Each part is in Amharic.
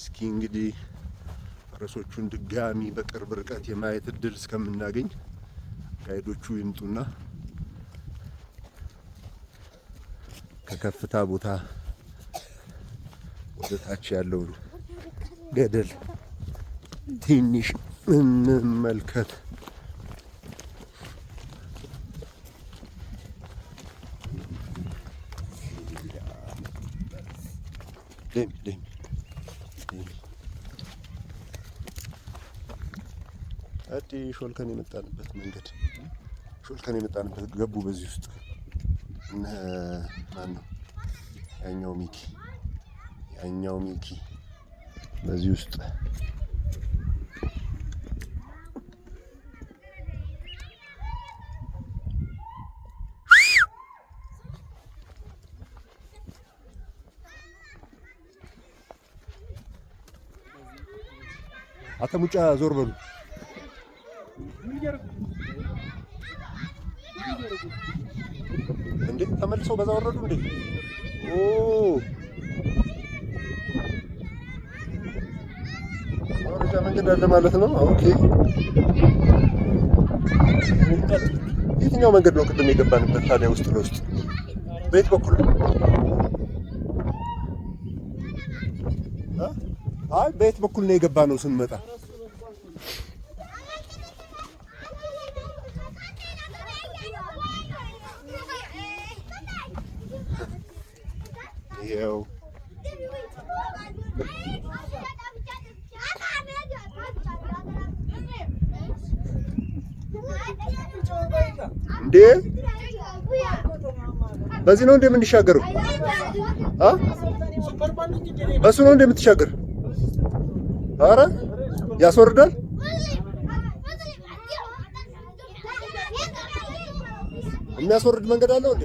እስኪ እንግዲህ ፈረሶቹን ድጋሚ በቅርብ ርቀት የማየት እድል እስከምናገኝ ጋይዶቹ ይምጡና ከከፍታ ቦታ ወደ ታች ያለውን ገደል ትንሽ እንመልከት። ደም ደም አጤ ሾልከን የመጣንበት መንገድ ሾልከን የመጣንበት ገቡ። በዚህ ውስጥ እነ ማን ነው ያኛው ሚኪ ያኛው ሚኪ በዚህ ውስጥ አተ ሙጫ ዞር በሉ እንዴ! ተመልሰው በዛ ወረዱ እንዴ! ኦ ወረጃ መንገድ አለ ማለት ነው። ኦኬ፣ የትኛው መንገድ ነው ቅድም የገባንበት ታዲያ? ውስጥ ለውስጥ በየት በኩል አይ በየት በኩል ነው የገባ ነው ስንመጣ ይኸው እንዴ በዚህ ነው እንደምንሻገረው? በሱ ነው እንደምትሻገር አረ ያስወርዳል። የሚያስወርድ መንገድ አለው እንዴ?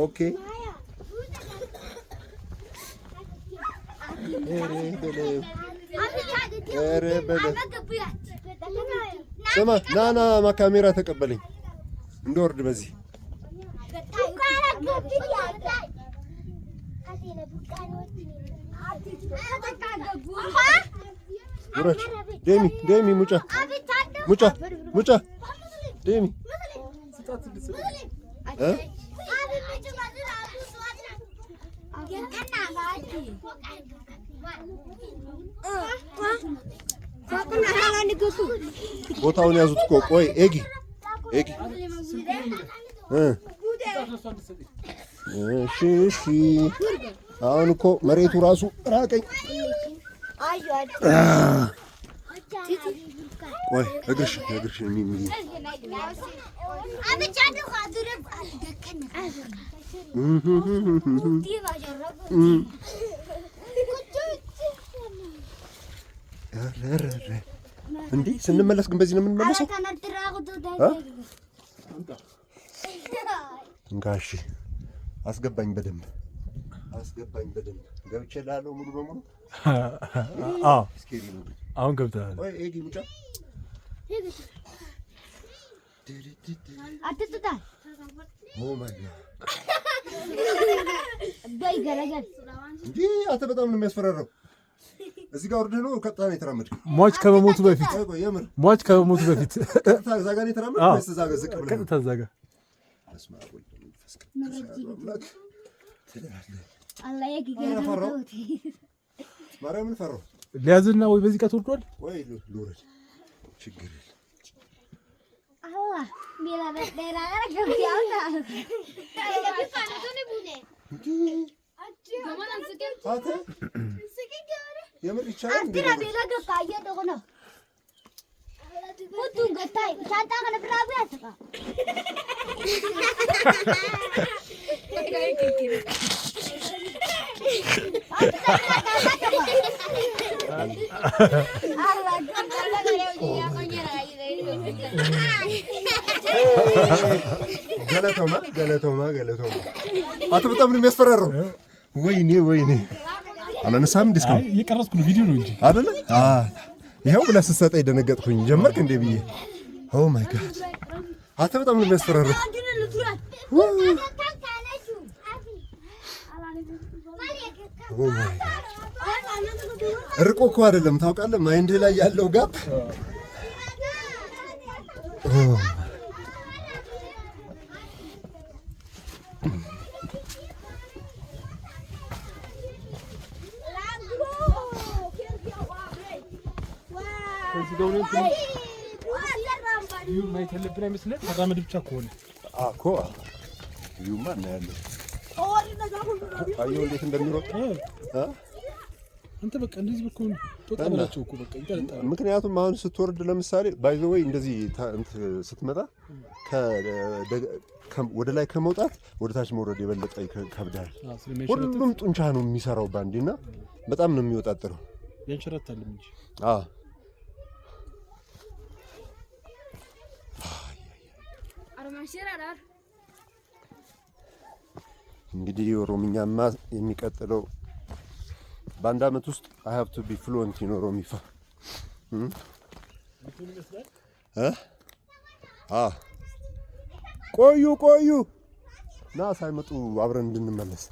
ኦኬ ስማ፣ ና ና፣ ካሜራ ተቀበለኝ እንደወርድ በዚህ ውረድ። ዴሚ ዴሚ ሙጫ ሙጫ ሙጫ ዴሚ ቦታውን ያዙት እኮ። ቆይ ኤጊ ኤጊ እሺ እሺ አሁን እኮ መሬቱ ራሱ ራቀኝ። ወይ እግርሽ እግርሽ እንዴ ስንመለስ ግን በዚህ ነው የምንመለሰው? እንጋሽ አስገባኝ በደንብ አስገባኝ በደንብ ገብቼ ላለው ሙሉ በሙሉ አሁን ገብተሃል። እንዲህ አንተ በጣም ነው የሚያስፈራረው። እዚህ ጋር ወርደህ ነው ቀጥታ ነው የተራመድክ። ሟች ከመሞቱ በፊት ሟች ከመሞቱ በፊት እዛ ጋር የተራመድክ ወይስ እዛ ጋር ዝቅ ብለህ ቀጥታ እዛ ጋር ማርያምን ፈራሁ። ሊያዝና ወይ በዚህ ቀት ወርዷል ወይ ልውረድ። ችግር የለም የምር ይቻላል። ገለቶማ ገለቶማ ገለቶማ አቶ ነው የሚያስፈራረው። ወይኔ ወይኔ አላነሳም። እንዲህ እየቀረጽኩ ነው ቪዲዮ ነው እንጂ አይደለ። ይኸው ብለህ ስትሰጠኝ ደነገጥኩኝ። ጀመርክ እንዴ ብዬ ኦ ማይ ጋድ አቶ ነው የሚያስፈራረው። Oh ርቆ እኮ አይደለም ታውቃለህ፣ ማይንድ ላይ ያለው ጋፕ ማየት ያለብን አይመስልህ? ተራመድ ብቻ ከሆነ እኮ እናያለን። አየሁ እንዴት እንደሚሮጥ አንተ በቃ እንደዚህ እኮ ጦጣ በላቸው እኮ በቃ ይጣላል። ምክንያቱም አሁን ስትወርድ ለምሳሌ ባይ ዘ ወይ እንደዚህ ስትመጣ ወደ ላይ ከመውጣት ወደ ታች መውረድ የበለጠ ይከብዳል። ሁሉም ጡንቻ ነው የሚሰራው ባንዴ እና በጣም ነው የሚወጣጥረው። ያንሸራታል እንጂ አዎ አረማሽራራር እንግዲህ ኦሮምኛማ የሚቀጥለው በአንድ አመት ውስጥ አይ ሀብ ቱ ቢ ፍሉዌንት ኢን ኦሮሚፋ እ ቆዩ ቆዩ ና ሳይመጡ አብረን እንድንመለስ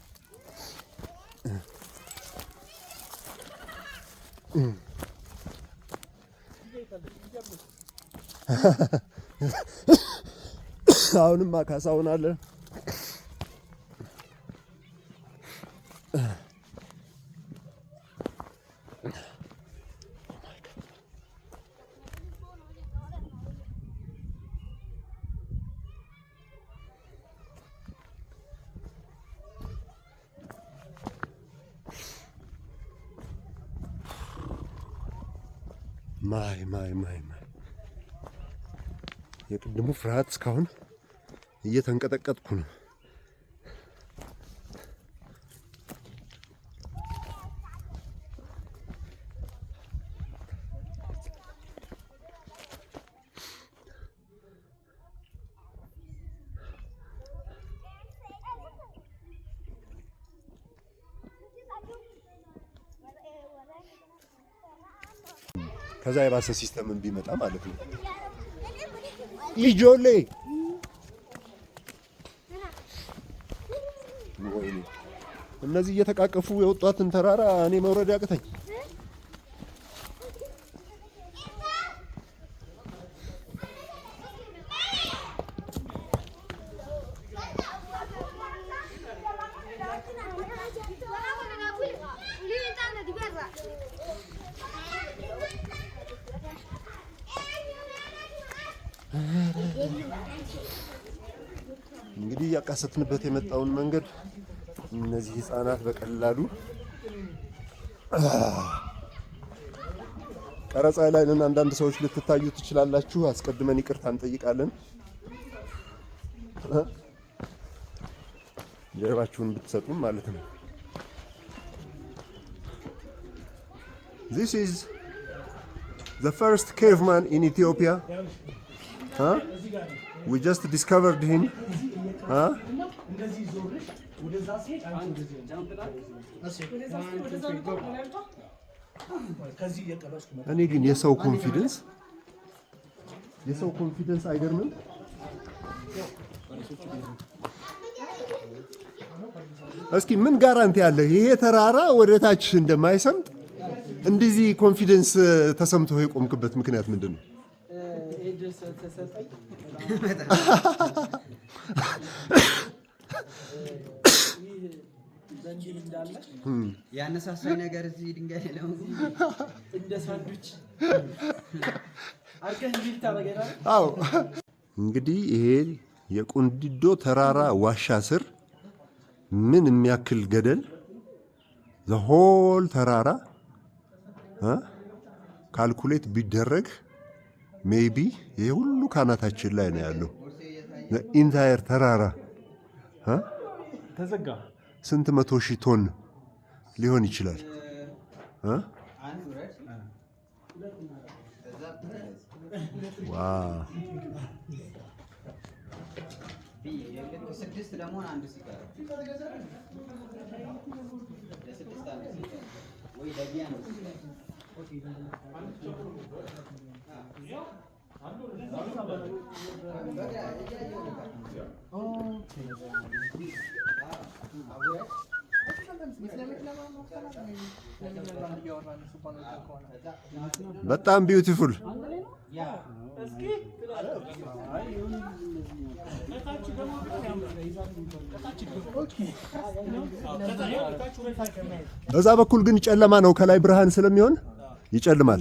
አሁንም አካሳውን አለን። ማይ ማይ ማይ ማይ የቅድሙ ፍርሃት እስካሁን እየተንቀጠቀጥኩ ነው። ከዛ የባሰ ሲስተም ቢመጣ ማለት ነው። ይጆሌ ወይኔ እነዚህ እየተቃቀፉ የወጧትን ተራራ እኔ መውረድ ያቅተኝ። እንግዲህ እያቃሰትንበት የመጣውን መንገድ እነዚህ ህፃናት በቀላሉ ቀረጻ ላይ ነን። አንዳንድ ሰዎች ልትታዩ ትችላላችሁ። አስቀድመን ይቅርታ እንጠይቃለን። ጀርባችሁን ብትሰጡም ማለት ነው። This is the first caveman in Ethiopia. ዊ ጀስት ዲስከቨርድ ሂም እኔ ግን የሰው ኮንፊደንስ የሰው ኮንፊደንስ አይገርምም። እስኪ ምን ጋራንቲ አለ ይሄ ተራራ ወደ ታች እንደማይሰምጥ? እንደዚህ ኮንፊደንስ ተሰምቶ የቆምክበት ምክንያት ምንድን ነው? በእንዲህ ያነሳሳኝ ነገር እዚህ ድንጋይ ነው። እንደ ሳንዱች አድርገህ እንዲህ ታደርገናለህ። እንግዲህ ይሄ የቁንዲዶ ተራራ ዋሻ ስር ምን የሚያክል ገደል ዘሆል ተራራ ካልኩሌት ቢደረግ ሜቢ ይሄ ሁሉ ካናታችን ላይ ነው ያለው። ኢንታየር ተራራ ስንት መቶ ሺህ ቶን ሊሆን ይችላል። በጣም ቢዩቲፉል በዛ በኩል ግን ጨለማ ነው፣ ከላይ ብርሃን ስለሚሆን ይጨልማል።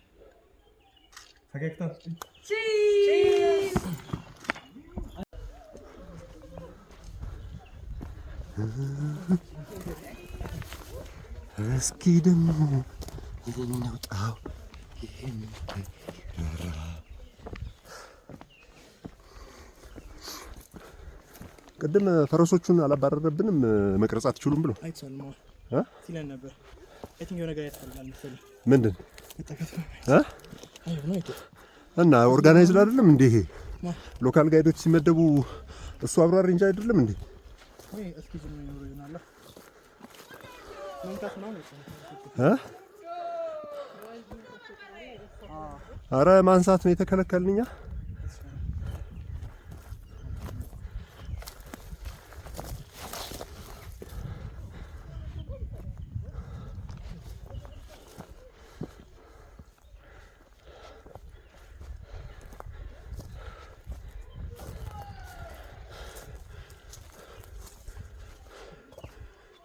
ፈገግታ እስኪ ደግሞ እንውጣው። ይህን ቅድም ፈረሶቹን አላባረረብንም። መቅረጽ አትችሉም ብሎ ሲለን ነበር። ምንድን እና ኦርጋናይዝድ አይደለም እንዴ? ሎካል ጋይዶች ሲመደቡ እሱ አብራሪ እንጂ አይደለም እንዴ? አረ ማንሳት ነው የተከለከልንኛ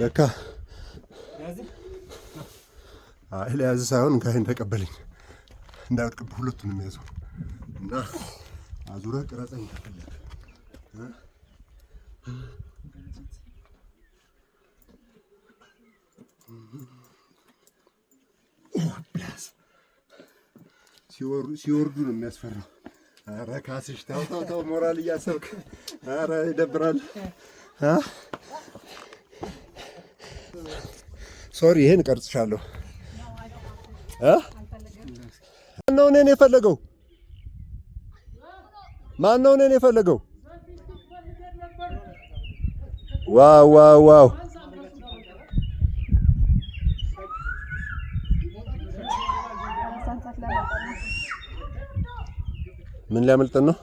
ለካ አይ ለያዝ ሳይሆን እንካ እንደቀበለኝ እንዳይወድቅብህ ሁለቱንም የሚያዘው እና አዙረ ቅረጸኝ ከፈለግ ሲወርዱ ነው የሚያስፈራው። ኧረ ካስሽ ተው ተው ተው፣ ሞራል እያሰብክ ኧረ ይደብራል። ሶሪ ይሄን ቀርጽሻለሁ እ ማነው እኔን የፈለገው? ማነው እኔን የፈለገው? ዋው ዋው ዋው ምን ሊያመልጥን ነው?